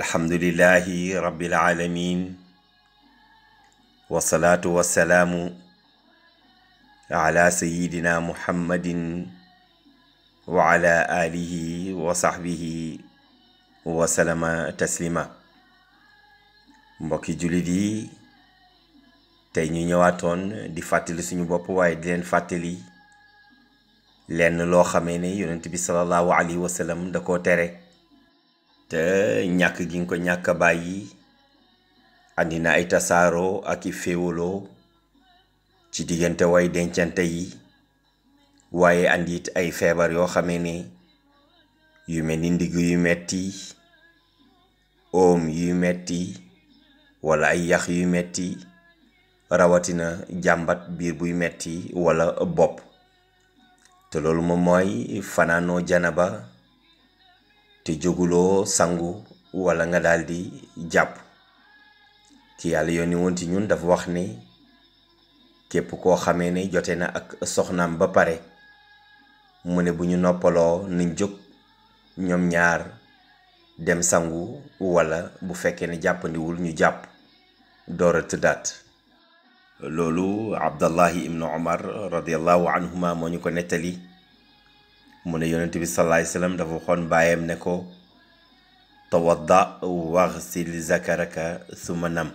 الحمد لله رب العالمين والصلاة والسلام على سيدنا محمد وعلى آله وصحبه wasalama taslima mbokki jullit yi tey ñu ñëwaatoon di fàttali suñu bopp waaye di leen fàttali lenn loo xamee ne yonent bi sallallahu alayhi wa sallam da koo tere te ñàkk gi nga ko ñàkk bàyyi andi na ay tasaaroo ak i féewaloo ci diggante way dencante yi waaye andi it ay feebar yoo xamee ne yu mel ni ndigg yu metti oom yu metti wala ay yax yu metti rawatina jàmbat biir buy metti wala bopp te loolu moom mooy fanaanoo janaba te jogulo sangu wala nga daldi japp ki yalla yoni won ci ñun dafa wax ni kep ko xamé ne joté na ak soxnam ba paré mu ne buñu noppalo ni jog ñom ñaar dem sangu wala bu japp ni wul ñu japp dora tudat lolu abdallah ibn ibnu omar anhuma moo ñu ko netali mu ne yonent bi salaay salaam dafa waxoon baayam ne ko tawadda waxsil zakaraka suma nam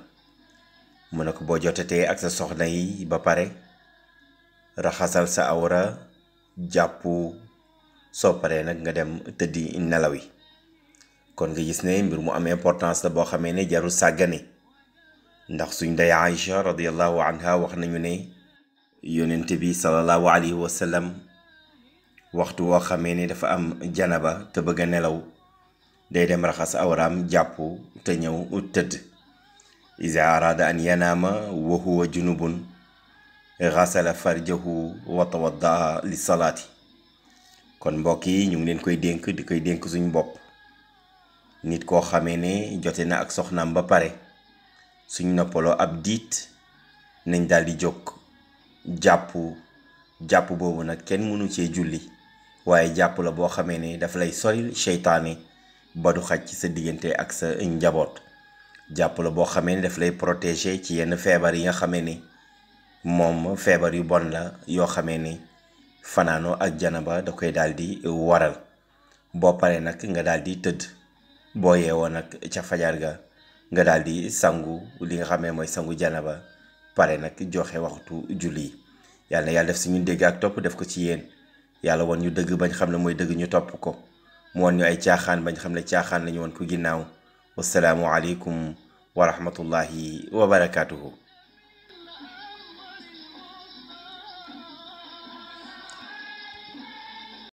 mu ne ko boo jotatee ak sa soxna yi ba pare raxasal sa awra jàpp soo paree nag nga dem tëddi nelaw yi kon nga gis ne mbir mu am importance la boo xamee ne jarul sàggane ndax suñ ndey Aïcha radiyallahu anha wax nañu ne yonent bi sallallahu alayhi wa sallam waxtu wo xamé né dafa am janaba te bëgg nelaw day dem raxas awram jappu te ñëw tedd iza arada an yanaama wa huwa junubun ghasala farjahu wa tawadda li salati kon mbokk yi ñu ngi leen koy denk di koy denk suñ bop nit ko xamé né joté na ak soxnam ba pare suñ nopolo ab diit nañ daal di jóg jappu jàpp boobu kenn mënu ci julli waaye jàpp la boo xamee ni dafa lay soril seytaane ba du xaj ci sa diggante ak sa njaboot jàpp la boo xamee ni daf lay protégé ci yenn feebar yi nga xamee ni moom feebar yu bon la yoo xamee ni fanaanoo ak janaba da koy daal di waral boo paree nag nga daal di tëdd boo yeewoo nag ca fajar ga nga daal di sangu li nga xamee mooy sangu janaba pare nag joxe waxtu julli yàlla yàlla def si ñun dégg ak topp def ko ci yéen. yàlla won ñu dëgg bañ xamne moy mooy dëgg ñu top ko mu won ñu ay caaxaan bañ xamne ne lañu won ku ginnaw wasalaamu alaykum wa rahmatullahi wa barakatuh